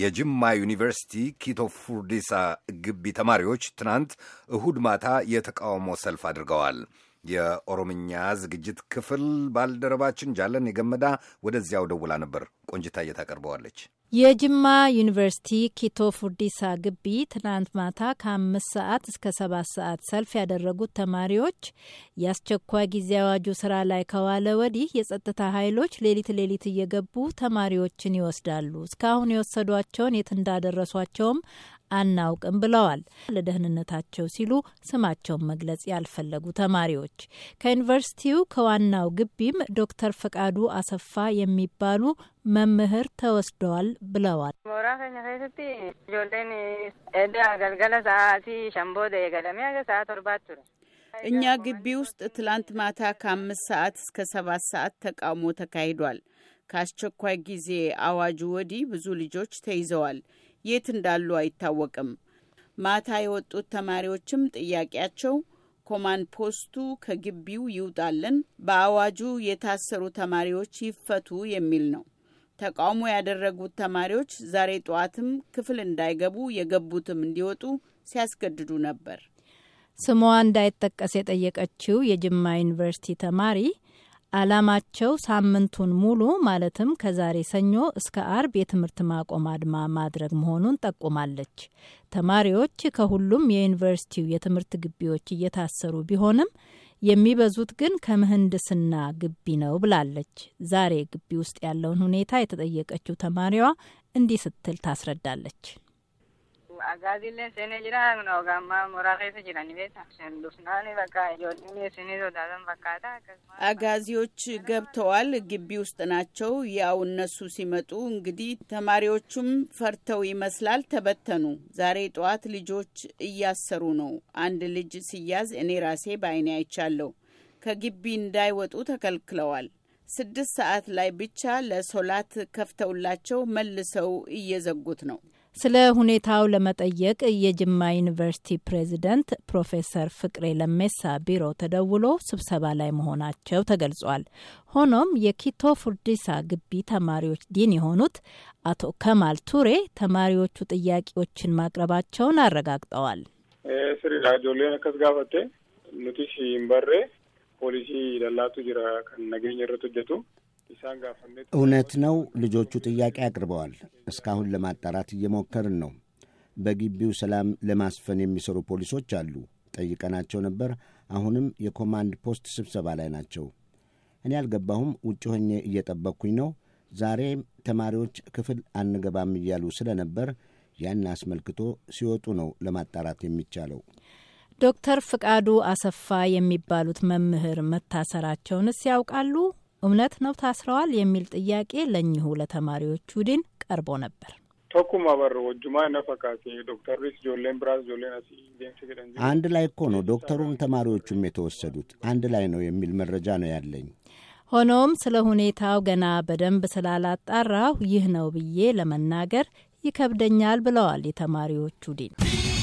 የጅማ ዩኒቨርሲቲ ኪቶ ፉርዲሳ ግቢ ተማሪዎች ትናንት እሁድ ማታ የተቃውሞ ሰልፍ አድርገዋል። የኦሮምኛ ዝግጅት ክፍል ባልደረባችን ጃለን የገመዳ ወደዚያው ደውላ ነበር። ቆንጅታ እየታቀርበዋለች። የጅማ ዩኒቨርሲቲ ኪቶ ፉርዲሳ ግቢ ትናንት ማታ ከአምስት ሰዓት እስከ ሰባት ሰዓት ሰልፍ ያደረጉት ተማሪዎች የአስቸኳይ ጊዜ አዋጁ ስራ ላይ ከዋለ ወዲህ የጸጥታ ኃይሎች ሌሊት ሌሊት እየገቡ ተማሪዎችን ይወስዳሉ። እስካሁን የወሰዷቸውን የት እንዳደረሷቸውም አናውቅም ብለዋል። ለደህንነታቸው ሲሉ ስማቸውን መግለጽ ያልፈለጉ ተማሪዎች ከዩኒቨርሲቲው ከዋናው ግቢም ዶክተር ፈቃዱ አሰፋ የሚባሉ መምህር ተወስደዋል ብለዋል። እኛ ግቢ ውስጥ ትላንት ማታ ከአምስት ሰዓት እስከ ሰባት ሰዓት ተቃውሞ ተካሂዷል። ከአስቸኳይ ጊዜ አዋጁ ወዲህ ብዙ ልጆች ተይዘዋል። የት እንዳሉ አይታወቅም። ማታ የወጡት ተማሪዎችም ጥያቄያቸው ኮማንድ ፖስቱ ከግቢው ይውጣልን፣ በአዋጁ የታሰሩ ተማሪዎች ይፈቱ የሚል ነው። ተቃውሞ ያደረጉት ተማሪዎች ዛሬ ጠዋትም ክፍል እንዳይገቡ የገቡትም እንዲወጡ ሲያስገድዱ ነበር። ስሟ እንዳይጠቀስ የጠየቀችው የጅማ ዩኒቨርሲቲ ተማሪ ዓላማቸው ሳምንቱን ሙሉ ማለትም ከዛሬ ሰኞ እስከ አርብ የትምህርት ማቆም አድማ ማድረግ መሆኑን ጠቁማለች። ተማሪዎች ከሁሉም የዩኒቨርሲቲው የትምህርት ግቢዎች እየታሰሩ ቢሆንም የሚበዙት ግን ከምህንድስና ግቢ ነው ብላለች። ዛሬ ግቢ ውስጥ ያለውን ሁኔታ የተጠየቀችው ተማሪዋ እንዲህ ስትል ታስረዳለች። Agaadillee seenee jira noogaa amma mooraa keessa jirani beekta. በቃ ijoolleen seenee sodaatan fakkaata አጋዚዎች ገብተዋል። ግቢ ውስጥ ናቸው። ያው እነሱ ሲመጡ እንግዲህ ተማሪዎቹም ፈርተው ይመስላል ተበተኑ። ዛሬ ጠዋት ልጆች እያሰሩ ነው። አንድ ልጅ ሲያዝ እኔ ራሴ በዓይኔ አይቻለሁ። ከግቢ እንዳይወጡ ተከልክለዋል። ስድስት ሰዓት ላይ ብቻ ለሶላት ከፍተውላቸው መልሰው እየዘጉት ነው። ስለ ሁኔታው ለመጠየቅ የጅማ ዩኒቨርሲቲ ፕሬዚደንት ፕሮፌሰር ፍቅሬ ለሜሳ ቢሮ ተደውሎ ስብሰባ ላይ መሆናቸው ተገልጿል። ሆኖም የኪቶ ፉርዲሳ ግቢ ተማሪዎች ዲን የሆኑት አቶ ከማል ቱሬ ተማሪዎቹ ጥያቄዎችን ማቅረባቸውን አረጋግጠዋል። ስሪራ ጆሌ ነከስ ኑቲሽ ፖሊሲ ደላቱ ጅራ ከነገኝ ረት እውነት ነው። ልጆቹ ጥያቄ አቅርበዋል። እስካሁን ለማጣራት እየሞከርን ነው። በግቢው ሰላም ለማስፈን የሚሰሩ ፖሊሶች አሉ። ጠይቀናቸው ነበር። አሁንም የኮማንድ ፖስት ስብሰባ ላይ ናቸው። እኔ አልገባሁም። ውጭ ሆኜ እየጠበቅኩኝ ነው። ዛሬም ተማሪዎች ክፍል አንገባም እያሉ ስለነበር ያን አስመልክቶ ሲወጡ ነው ለማጣራት የሚቻለው። ዶክተር ፍቃዱ አሰፋ የሚባሉት መምህር መታሰራቸውንስ ያውቃሉ? እውነት ነው ታስረዋል የሚል ጥያቄ ለእኚሁ ለተማሪዎቹ ዲን ቀርቦ ነበር። አንድ ላይ እኮ ነው ዶክተሩም ተማሪዎቹም የተወሰዱት አንድ ላይ ነው የሚል መረጃ ነው ያለኝ። ሆኖም ስለ ሁኔታው ገና በደንብ ስላላጣራሁ ይህ ነው ብዬ ለመናገር ይከብደኛል ብለዋል የተማሪዎቹ ዲን።